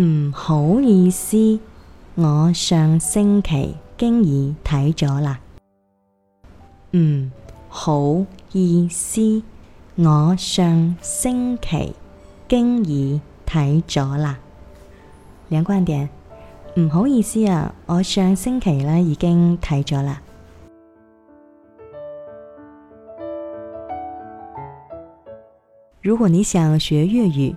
唔好意思，我上星期經已睇咗啦。唔好意思，我上星期經已睇咗啦。兩關嘅，唔好意思啊，我上星期咧已經睇咗啦。如果你想學粵語。